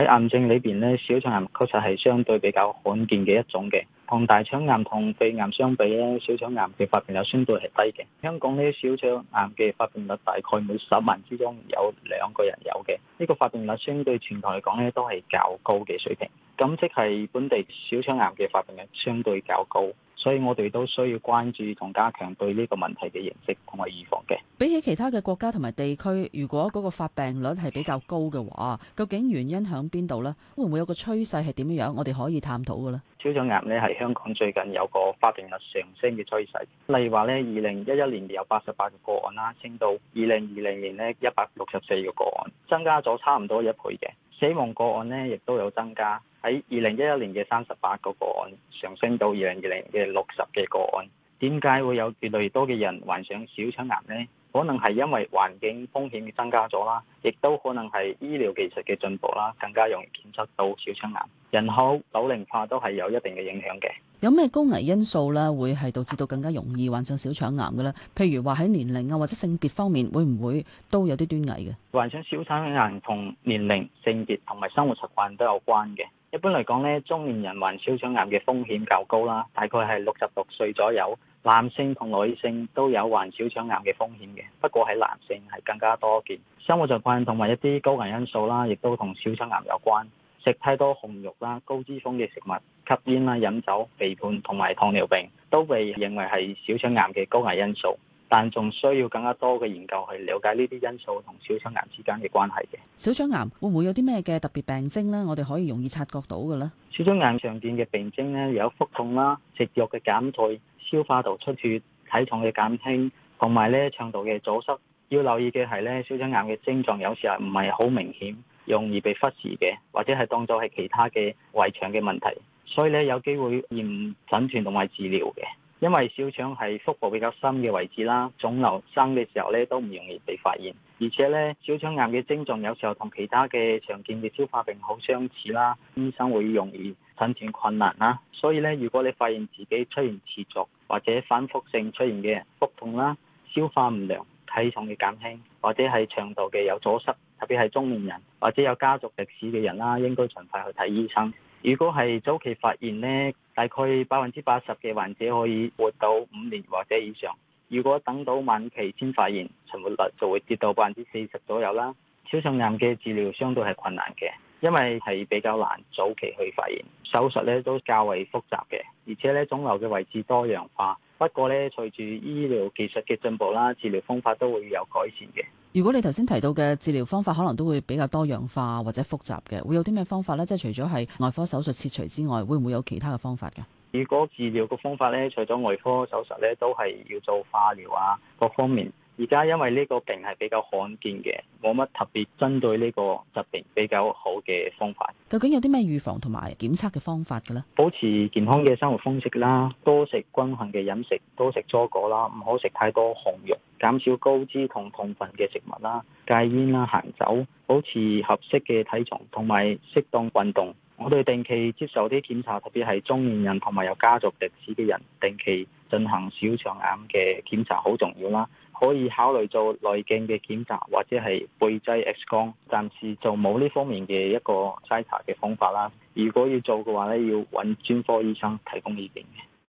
喺癌症裏邊咧，小腸癌確實係相對比較罕見嘅一種嘅。同大腸癌、同肺癌相比咧，小腸癌嘅發病率相對係低嘅。香港呢，小腸癌嘅發病率大概每十萬之中有兩個人有嘅，呢、這個發病率相對全球嚟講咧都係較高嘅水平。咁即係本地小腸癌嘅發病率相對較高，所以我哋都需要關注同加強對呢個問題嘅認識同埋預防嘅。比起其他嘅國家同埋地區，如果嗰個發病率係比較高嘅話，究竟原因響邊度呢？會唔會有個趨勢係點樣樣？我哋可以探討嘅咧？小腸癌咧係香港最近有個發病率上升嘅趨勢，例如話咧，二零一一年有八十八個個案啦，升到二零二零年呢一百六十四個個案，增加咗差唔多一倍嘅。死亡個案呢，亦都有增加。喺二零一一年嘅三十八個個案上升到二零二零嘅六十嘅個案，點解會有越嚟越多嘅人患上小腸癌呢？可能係因為環境風險嘅增加咗啦，亦都可能係醫療技術嘅進步啦，更加容易檢測到小腸癌。人口老齡化都係有一定嘅影響嘅。有咩高危因素咧，會係導致到更加容易患上小腸癌嘅咧？譬如話喺年齡啊，或者性別方面，會唔會都有啲端倪嘅？患上小腸癌同年齡、性別同埋生活習慣都有關嘅。一般嚟講咧，中年人患小腸癌嘅風險較高啦，大概係六十六歲左右。男性同女性都有患小腸癌嘅風險嘅，不過喺男性係更加多見。生活習慣同埋一啲高危因素啦，亦都同小腸癌有關。食太多紅肉啦、高脂肪嘅食物、吸煙啦、飲酒、肥胖同埋糖尿病都被認為係小腸癌嘅高危因素。但仲需要更加多嘅研究去了解呢啲因素同小腸癌之間嘅關係嘅。小腸癌會唔會有啲咩嘅特別病徵咧？我哋可以容易察覺到嘅咧？小腸癌常見嘅病徵咧，有腹痛啦、食慾嘅減退、消化道出血、體重嘅減輕，同埋咧腸道嘅阻塞。要留意嘅係咧，小腸癌嘅症狀有時候唔係好明顯，容易被忽視嘅，或者係當做係其他嘅胃腸嘅問題。所以咧，有機會延診斷同埋治療嘅。因為小腸係腹部比較深嘅位置啦，腫瘤生嘅時候咧都唔容易被發現，而且咧小腸癌嘅症狀有時候同其他嘅常見嘅消化病好相似啦，醫生會容易診斷困難啦，所以咧如果你發現自己出現持續或者反復性出現嘅腹痛啦、消化唔良、體重嘅減輕或者係腸道嘅有阻塞，特別係中年人或者有家族歷史嘅人啦，應該盡快去睇醫生。如果係早期發現呢，大概百分之八十嘅患者可以活到五年或者以上；如果等到晚期先發現，存活率就會跌到百分之四十左右啦。小腸癌嘅治療相對係困難嘅。因為係比較難早期去發現，手術咧都較為複雜嘅，而且咧腫瘤嘅位置多樣化。不過咧，隨住醫療技術嘅進步啦，治療方法都會有改善嘅。如果你頭先提到嘅治療方法，可能都會比較多樣化或者複雜嘅，會有啲咩方法呢？即係除咗係外科手術切除之外，會唔會有其他嘅方法㗎？如果治療嘅方法咧，除咗外科手術咧，都係要做化療啊，各方面。而家因為呢個病係比較罕見嘅，冇乜特別針對呢個疾病比較好嘅方法。究竟有啲咩預防同埋檢測嘅方法嘅呢？保持健康嘅生活方式啦，多食均衡嘅飲食，多食蔬果啦，唔好食太多紅肉，減少高脂同糖分嘅食物啦，戒煙啦，行走，保持合適嘅體重，同埋適當運動。我哋定期接受啲檢查，特別係中年人同埋有家族歷史嘅人，定期進行小腸癌嘅檢查好重要啦。可以考慮做內鏡嘅檢查，或者係鋇劑 X 光，暫時就冇呢方面嘅一個篩查嘅方法啦。如果要做嘅話咧，要揾專科醫生提供意見嘅。